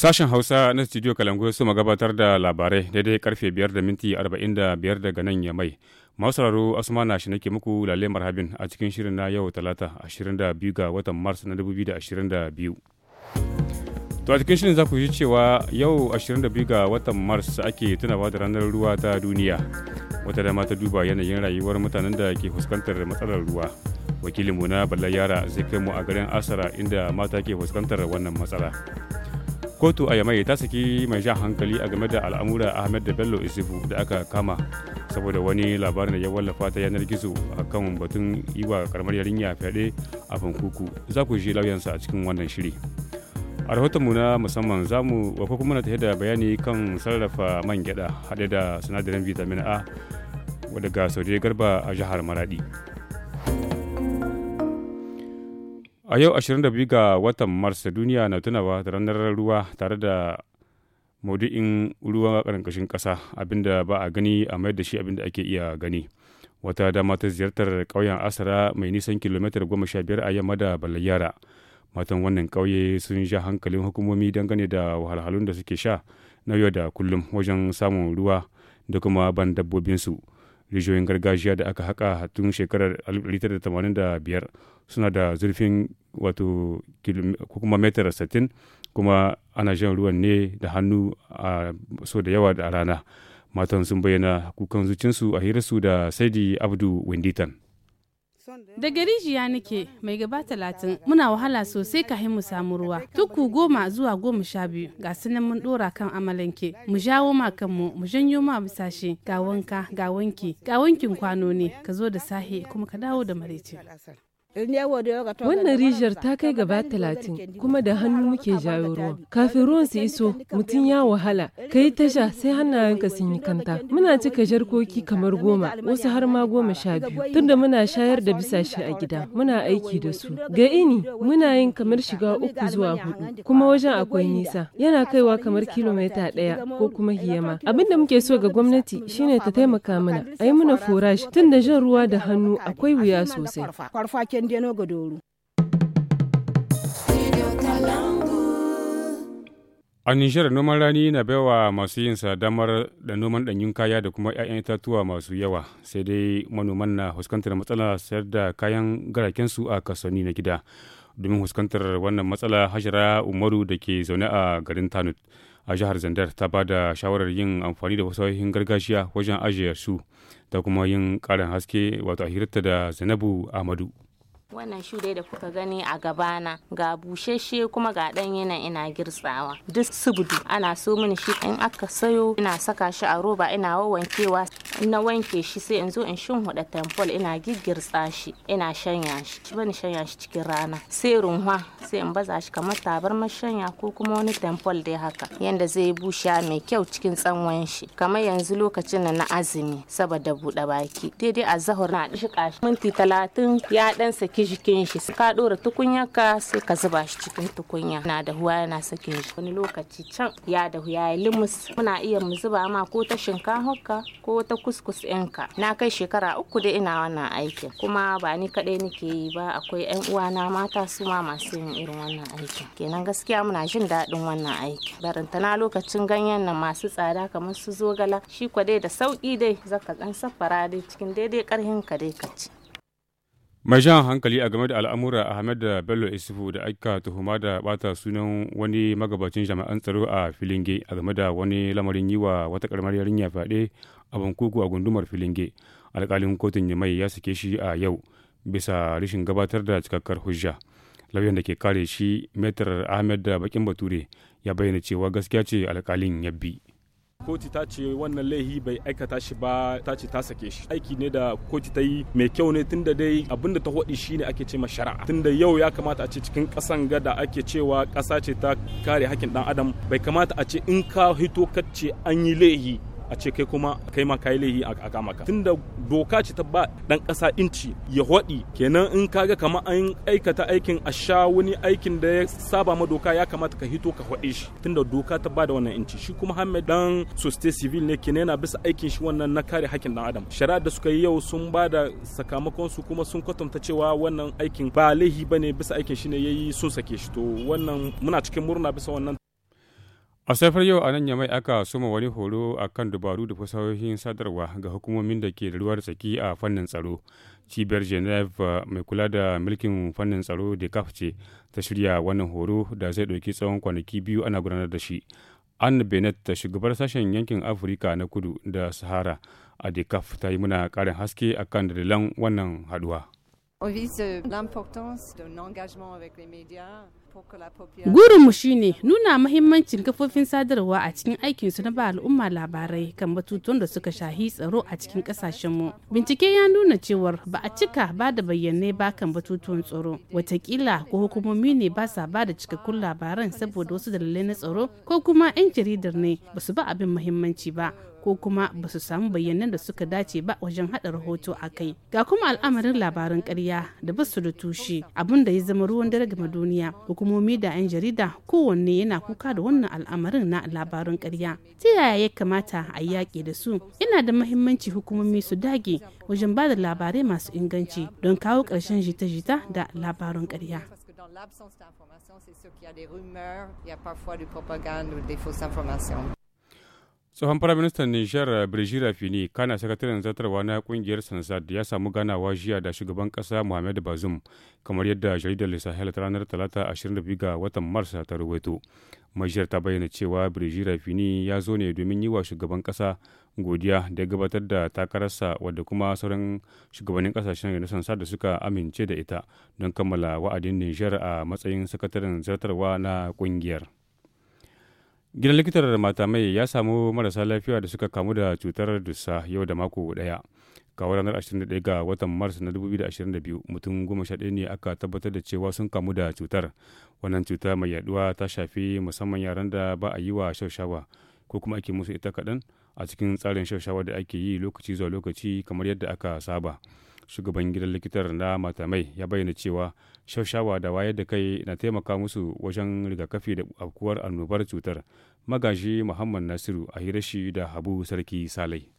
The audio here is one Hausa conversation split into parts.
Sashen Hausa na Studio Kalangu su gabatar da labarai daidai karfe 5 da minti 45 daga nan ya mai. Masauraro Asmana shi nake muku lale marhabin a cikin shirin na yau talata 22 ga watan Mars na 2022. To a cikin shirin za ku ji cewa yau 22 ga watan Mars ake tunawa da ranar ruwa ta duniya. Wata dama ta duba yanayin rayuwar mutanen da ke fuskantar matsalar ruwa. Wakilinmu na bala Yara zai kai mu a garin Asara inda mata ke fuskantar wannan matsala. kotu a yamai ta saki mai jan hankali a game da al'amura ahmed da bello isifu da aka kama saboda wani labarin da ya wallafa ta yanar gizo a kan batun yi wa karamar yarinya fyaɗe a fankuku za ku ji lauyansa a cikin wannan shiri a rahotonmu na musamman za mu wafa kuma na da bayani kan sarrafa man gyaɗa haɗe da sinadarin vitamin a daga saudi garba a jihar maradi A yau 22 ga watan Mars duniya na tunawa da ranar ruwa tare da maudu'in ruwa ƙarƙashin ƙasa abinda ba a gani a mayar da shi abinda ake iya gani. Wata dama ta ziyartar kauyen Asara mai nisan kilomitar goma sha biyar a yamma da Balayyara. Matan wannan ƙauye sun sha hankalin hukumomi dangane da wahalhalun da suke sha na yau da kullum wajen samun ruwa da kuma ban dabbobinsu. su. rijiyoyin gargajiya da aka haƙa tun shekarar 1985 suna da zurfin wato kuma metar 60 kuma ana jan ruwan ne da hannu a so da yawa da rana matan sun bayyana kukan zucinsu a hirarsu da saidi abdu winditan da Daga rijiya nake mai gaba talatin muna wahala sosai kahin mu samu ruwa. Tuku goma zuwa goma sha biyu ga sunan mun dora kan amalanke. Mu jawo ma kanmu mu janyo ma bisashe ga wanka ga wanki ga wankin kwano ne ka zo da sahi kuma ka dawo da maraice. Wannan rijiyar ta kai gaba talatin kuma da hannu muke jawo ruwan. Kafin ruwan su iso mutum ya wahala ka yi tasha sai hannayenka sun yi kanta. Muna cika jarkoki kamar goma wasu har ma goma sha biyu tunda muna shayar da bisashe a gida muna aiki da su. Ga ini muna yin kamar shiga uku zuwa hudu kuma wajen akwai nisa yana kaiwa kamar kilomita ɗaya ko kuma hiyama. Abin da muke so ga gwamnati shine ta taimaka mana a yi mana forash. tunda jan ruwa da hannu akwai wuya sosai. no godoru a Nijar noman rani na baiwa masu yin sa damar da noman ɗanyun kaya da kuma 'ya'yan itatuwa masu yawa sai dai manoman na fuskantar matsala sayar da kayan garakensu a kasuwanni na gida domin fuskantar wannan matsala hashira umaru da ke zaune a garin tanut a jihar zandar ta ba da shawarar yin amfani da wasu fasahohin gargajiya wajen ajiye su da kuma yin karin haske wato a da zainabu ahmadu wannan shu dai da kuka gani a gabana ga bushe kuma ga ɗanye nan ina girtsawa duk subudu ana so mini shi in aka sayo ina saka shi a roba ina wawankewa na wanke shi sai in zo in shinhuda tamfol ina giggirtsa shi ina shanya shi bani shanya shi cikin rana sai runwa sai in baza shi kamar tabarma shanya ko kuma wani tamfol dai haka yanda zai yi mai kyau cikin tsanwan shi kamar yanzu lokacin na azumi saboda buɗe baki daidai a zahar na ƙashi minti talatin ya ɗan saki saki jikin shi ka dora tukunya ka sai ka zuba shi cikin tukunya na da huwa yana sakin shi wani lokaci can ya da huwa ya limus muna iya mu zuba ma ko ta shinkafa ko ta kuskus ɗinka na kai shekara uku da ina wannan aikin kuma ba ni kaɗai nake yi ba akwai yan uwana mata su ma masu yin irin wannan aikin kenan gaskiya muna jin daɗin wannan aikin na lokacin ganyen na masu tsada kamar su zogala shi kwa dai da sauƙi dai zaka dan safara dai cikin daidai karhin ka dai ka ci mai jan hankali a game da al'amura ahmed bello isufu da aka tuhuma da bata sunan wani magabacin jami'an tsaro a filinge a game da wani lamarin yi wa wata karamar yarinya fyaɗe a bankuku a gundumar filinge alkalin kotun yamai ya sake shi a yau bisa rashin gabatar da cikakkar hujja lauyan da ke kare shi metar ahmed da bakin bature ya bayyana cewa gaskiya ce alkalin ya bi koti ta ce wannan laihi bai aikata shi ba ta ce ta sake shi aiki ne da koti ta yi mai kyau ne tunda dai abin da ta hodi ne ake ce ma shari'a tunda yau ya kamata a ce cikin kasan gada ake cewa kasa ce ta kare hakkin dan adam bai kamata a ce in ka hito ka ce an yi laihi a ce kai kuma kai ma kai laihi a kama ka tunda doka ce ta ba dan kasa inci ya hodi kenan in ka ga kama an aikata aikin a sha wani aikin da ya saba ma doka ya kamata ka hito ka hode shi tunda doka ta ba da wannan inci shi kuma Hamed dan society civil ne kenan yana bisa aikin shi wannan na kare hakkin dan adam shari'a da suka yi yau sun ba da sakamakon su kuma sun kwatanta cewa wannan aikin ba laihi bane bisa aikin shi ne yayi sun sake shi to wannan muna cikin murna bisa wannan A safar yau a nan Yamai aka soma wani horo a kan dubaru da fasahohin sadarwa ga hukumomin da ke da ruwar tsaki a fannin tsaro. Cibiyar Geneva eh, mai kula da mulkin fannin tsaro da ce ta shirya wannan horo da zai ɗauki tsawon kwanaki biyu ana gudanar da shi. an benet ta shugabar sashen yankin Afirka na kudu da Sahara a Dekaf ta yi muna karin haske akan dalilan wannan haduwa. Gurinmu shine nuna mahimmancin kafofin sadarwa a cikin aikinsu na ba al'umma labarai kan batutuwan da suka shahi tsaro a cikin kasashenmu. Bincike ya nuna cewar ba a cika ba da bayyanai ba kan batutuwan tsaro. Watakila ko hukumomi ne ba sa ba da cikakkun labaran saboda wasu dalilai na tsaro ko kuma 'yan jaridar ne ba su ba abin mahimmanci ba. ko kuma ba su samu bayyanan da suka dace ba wajen haɗa rahoto a kai ga kuma al'amarin labaran karya da ba su da tushe abin da ya zama ruwan dare game duniya hukumomi da 'yan jarida kowanne yana kuka da wannan al'amarin na labarin karya ta yaya ya kamata a yaƙi da su yana da mahimmanci hukumomi su dage wajen ba da labarai masu inganci don kawo ƙarshen jita-jita da labarin karya. tsohon firaministan nishar birji rafini kana sakataren zartarwa na kungiyar sansad ya samu ganawa jiya da shugaban kasa muhammad bazum kamar yadda jaridar sahel ta ranar talata 22 ga watan mars ta ruwaito majiyar ta bayyana cewa birji rafini ya zo ne domin yi wa shugaban kasa godiya da gabatar da takararsa wadda kuma sauran shugabannin kasashen na sansad da suka amince da ita don kammala wa'adin Nijar a matsayin sakataren zartarwa na kungiyar. Gidan likitar matamai ya samu marasa lafiya da suka kamu da cutar dusa yau da mako daya. Kawo ranar 21 ga watan Mars na 2022 mutum goma sha ne aka tabbatar da cewa sun kamu da cutar. Wannan cuta mai yaduwa ta shafi musamman yaran da ba a yi wa shaushawa ko kuma ake musu ita kaɗan a cikin tsarin shaushawa da ake yi lokaci zuwa lokaci kamar yadda aka saba. shugaban gidan likitar na matamai ya bayyana cewa shaushawa da wayar da kai na taimaka musu wajen rigakafi da afkuwar annobar cutar magaji muhammad nasiru a hirashi da habu sarki salai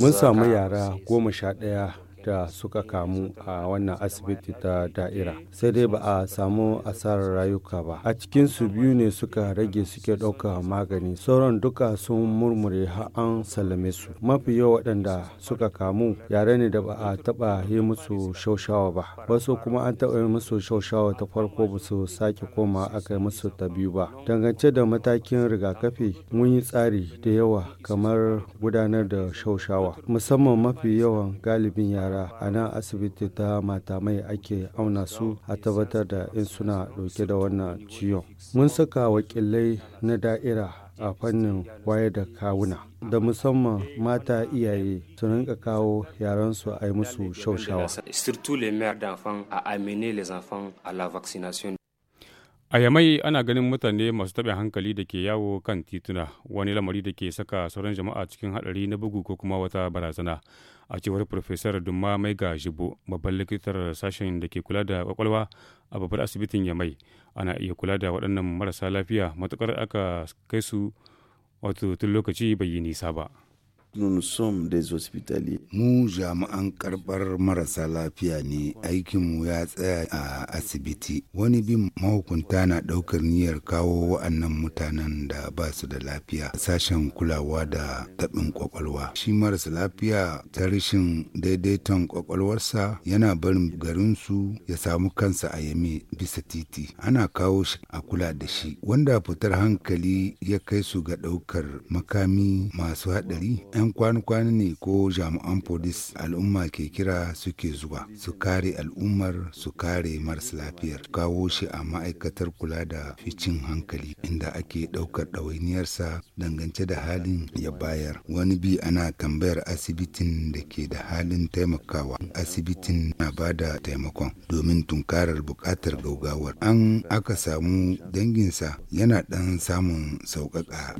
Mun samu yara goma sha ɗaya da suka kamu a wannan asibiti ta da'ira sai dai ba a samu asarar rayuka ba a cikin su biyu ne suka rage suke ɗauka magani sauran duka sun murmure har an sallame su mafi yawa waɗanda suka kamu yare ne da ba a taɓa yi musu shaushawa ba wasu kuma an taɓa yi musu shaushawa ta farko ba su sake koma aka yi musu ta biyu ba dangance da matakin rigakafi mun yi tsari da yawa kamar gudanar da shaushawa musamman mafi yawan galibin yara yara a nan asibiti ta mata mai ake auna su a tabbatar da in suna dauke da wannan ciwon mun saka wakilai na da'ira a fannin wayar da kawuna da musamman mata iyaye su rinka kawo yaransu a yi musu shaushawa. A Yamai ana ganin mutane masu taɓin hankali da ke yawo kan tituna wani lamari da ke saka sauran jama'a cikin haɗari na bugu ko kuma wata barazana. A cewar Profesor Dumma ga shibo babban likitar sashen da ke kula da kwakwalwa a babbar asibitin Yamai, ana iya kula da waɗannan marasa lafiya matuƙar aka kai su wato tun lokaci bai yi nisa ba. Mu jami'an karɓar marasa lafiya ne aikinmu ya tsaya a asibiti. Wani bin mahukunta na ɗaukar niyyar kawo wa'annan mutanen da ba su da lafiya sashen kulawa da taɓin ƙwaƙwalwa. Shi marasa lafiya ta rashin daidaiton ƙwaƙwalwarsa yana barin garinsu ya samu kansa a yame bisa titi. Ana kawo shi a kula da shi. Wanda fitar hankali ya kai su ga ɗaukar makami masu haɗari 'yan kwana ne ko jami'an polis al'umma ke kira suke zuwa su kare al'ummar su kare maras lafiyar kawo shi a ma'aikatar kula da ficin hankali inda ake ɗaukar ɗawainiyarsa dangance da halin ya bayar wani bi ana tambayar asibitin da ke da halin taimakawa asibitin na ba da taimakon domin tunkarar buƙatar gaugawar an aka samu danginsa yana ɗan samun sauƙaƙa.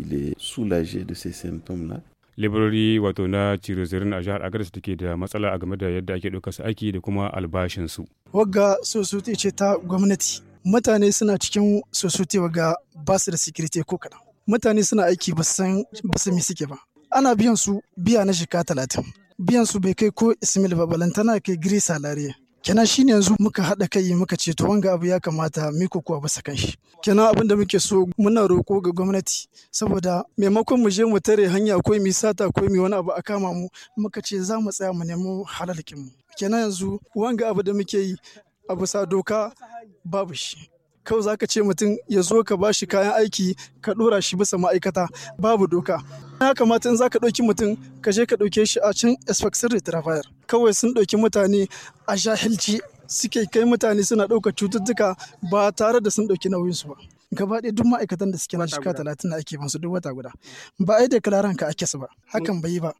laborori wato na cirozirin a jihar agadis da ke da matsala a game da yadda ake ɗaukar su aiki da kuma albashinsu. wagga sosote ce ta gwamnati mutane suna cikin sosote wagga ba su da sikirite ko kaɗan mutane suna aiki ba san ba su suke ba ana biyan su biya na shekara talatin biyan su bai kai ko ismail ba balantana kai giri salariya kenan ne yanzu muka haɗa kai muka ce to wanga abu ya kamata mu kuwa basa kan shi kenan abin da muke so muna roƙo ga gwamnati saboda maimakon mu je mu tare hanya ko mi sata ko mi wani abu a kama mu muka ce za mu tsaya mu nemo halalkin mu kenan yanzu wanga abu da muke yi abu sa doka babu shi kawai ka ce mutum ya zo ka ba shi kayan aiki ka ɗora shi bisa ma'aikata babu doka ya kamata in ka ɗauki mutum ka je ka ɗauke shi a can inspector da kawai sun ɗauki mutane a jahilci suke kai mutane suna ɗauka cututtuka ba tare da sun ɗauki nauyinsu ba gaba ɗaya duk ma'aikatan da suke na shika talatin na ake duk wata guda ba ai da kalaran ka ake su ba hakan bai yi ba.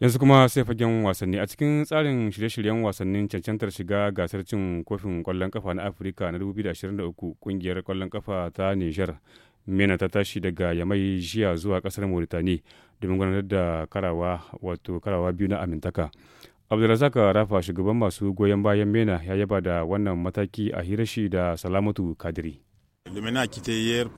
yanzu kuma sai fagen wasanni a cikin tsarin shirye-shiryen wasannin cancantar shiga gasar cin kofin kwallon kafa na afirka na 2023 kungiyar kwallon kafa ta niger mena ta tashi daga yamai jiya zuwa kasar mauritani domin gudanar da karawa wato karawa biyu na amintaka abdulrazak rafa shugaban masu goyon bayan mena ya yaba da wannan mataki a hirashi da salamatu kadiri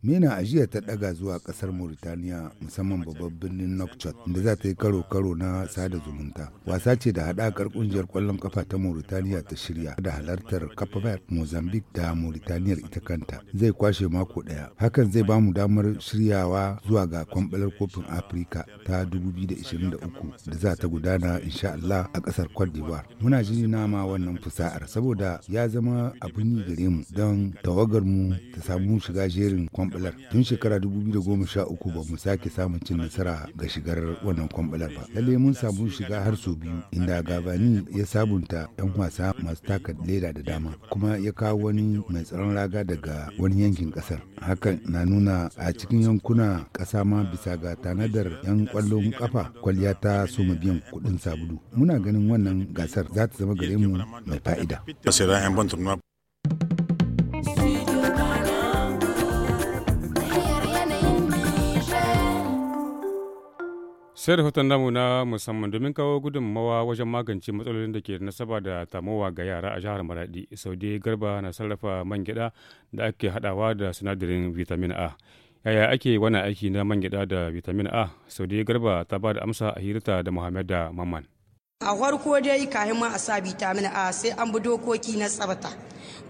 mena ajiya ta daga zuwa kasar Mauritania musamman babban birnin Nokchot inda za ta yi karo-karo na sada zumunta. Wasa ce da haɗakar ƙungiyar ƙwallon kafa ta Mauritania ta shirya da halartar Cape Verde, Mozambique da Mauritania ita kanta. Zai kwashe mako ɗaya. Hakan zai ba mu damar shiryawa zuwa ga kwamɓalar kofin Afirka ta 2023 da za ta gudana insha Allah a ƙasar Cote d'Ivoire. Muna jini nama wannan fusa'ar saboda ya zama abin yi gare mu don tawagar mu ta samu mu shiga jerin kwambular tun shekara 2013 ba mu sake samun cin nasara ga shigar wannan kwambular ba lalle mun samu shiga har sau biyu inda gabani ya sabunta yan wasa masu taka leda da dama kuma ya kawo wani mai tsaron raga daga wani yankin kasar hakan na nuna a cikin yankuna kasa ma bisa ga tanadar yan kwallon kafa kwalliya ta soma biyan kuɗin sabulu muna ganin wannan gasar za ta zama gare mu mai fa'ida sai rahoton namu na musamman domin kawo gudunmawa wajen magance matsalolin da ke nasaba da tamowa ga yara a jihar maradi saudi garba na sarrafa man gida da ake hadawa da sinadarin vitamin a yaya ake wani aiki na man gyada da vitamin a saudi garba ta ba da amsa a hirita da muhammad da mamman a farko dai kahin ma a sa vitamin a sai an bi dokoki na tsabta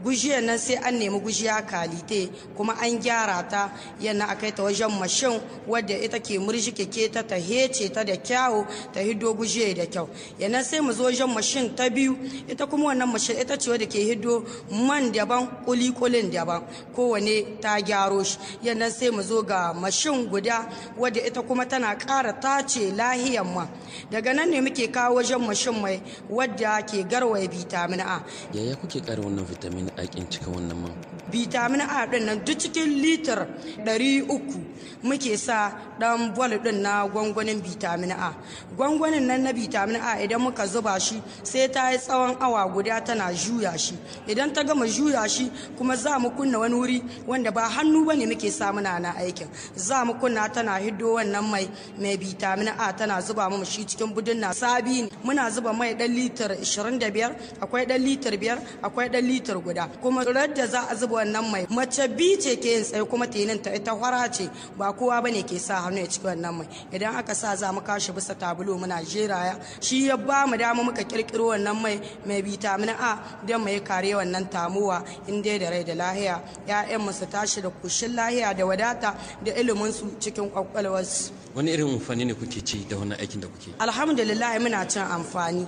gujiyar nan sai an nemi gujiya kalite kuma an gyara ta yana a kai ta wajen mashin wadda ita ke murji keke ta ta hece ta da kyawu ta hiddo gujiya da kyau yana sai mu zo wajen mashin ta biyu ita kuma wannan mashin ita ce wadda ke hiddo man daban kulikulin daban kowane ta gyaro shi yana sai mu zo ga mashin guda wadda ita kuma tana ƙara tace lahiyan ma daga nan ne muke kawo wajen cin mashin mai wadda ke garwaye vitamin A. Yaya kuke kara wannan vitamin A kin cika wannan man? Vitamin A din nan duk cikin litir 300 muke sa dan bol din na gwangwanin vitamin A. Gwangwanin nan na vitamin A idan muka zuba shi sai ta yi tsawon awa guda tana juya shi. Idan ta gama juya shi kuma za mu kunna wani wuri wanda ba hannu bane muke sa muna na aikin. Za mu kunna tana hiddo wannan mai mai vitamin A tana zuba mu shi cikin budun na sabi muna zuba mai ɗan litar 25 akwai ɗan litar 5 akwai ɗan litar guda kuma da za a zuba wannan mai mace bi ce ke yin tsaye kuma ta yi nan ta ita hwara ce ba kowa ba ne ke sa hannu ya ciki wannan mai idan aka sa za mu kashi bisa tabulo muna jeraya shi ya ba mu dama muka kirkiro wannan mai mai bitamin A don mai kare wannan tamuwa in dai da rai da lahiya ya'yan mu su tashi da kushin lahiya da wadata da ilimin su cikin kwakwalwarsu wani irin fanni ne kuke ci da wannan aikin da kuke alhamdulillah muna cin amfani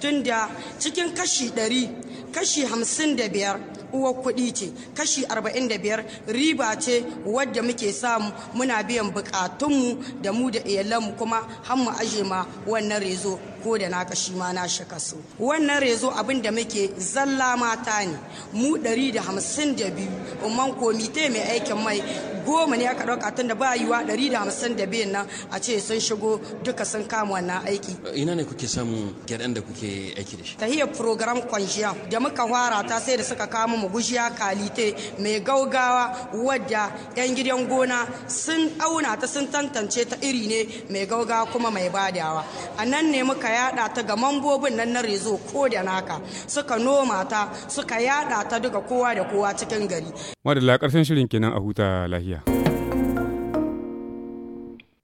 tunda cikin kashi ɗari kashi hamsin da biyar uwar kuɗi ce kashi 45 riba ce wadda muke samu muna biyan bukatunmu da mu da iyalanmu kuma har mu aje ma wannan rezo ko da naka shi ma na shi kaso wannan rezo abin da muke zalla mata ne mu 152 umman komite mai aikin mai goma ne aka ɗauka tun da ba yiwa 152 nan a ce sun shigo duka sun kama wannan aiki ina ne kuke samun gyaɗan da kuke aiki da shi Ta hiyar program kwanjiya da muka fara ta sai da suka kama mu gujiya kalite mai gaugawa wadda yan gidan gona sun auna ta sun tantance ta iri ne mai gaugawa kuma mai badawa a nan ne muka yada ta ga mambobin nan na rezo ko da naka suka noma ta suka yada ta duka kowa da kowa cikin gari madalla ƙarshen shirin kenan a huta lahiya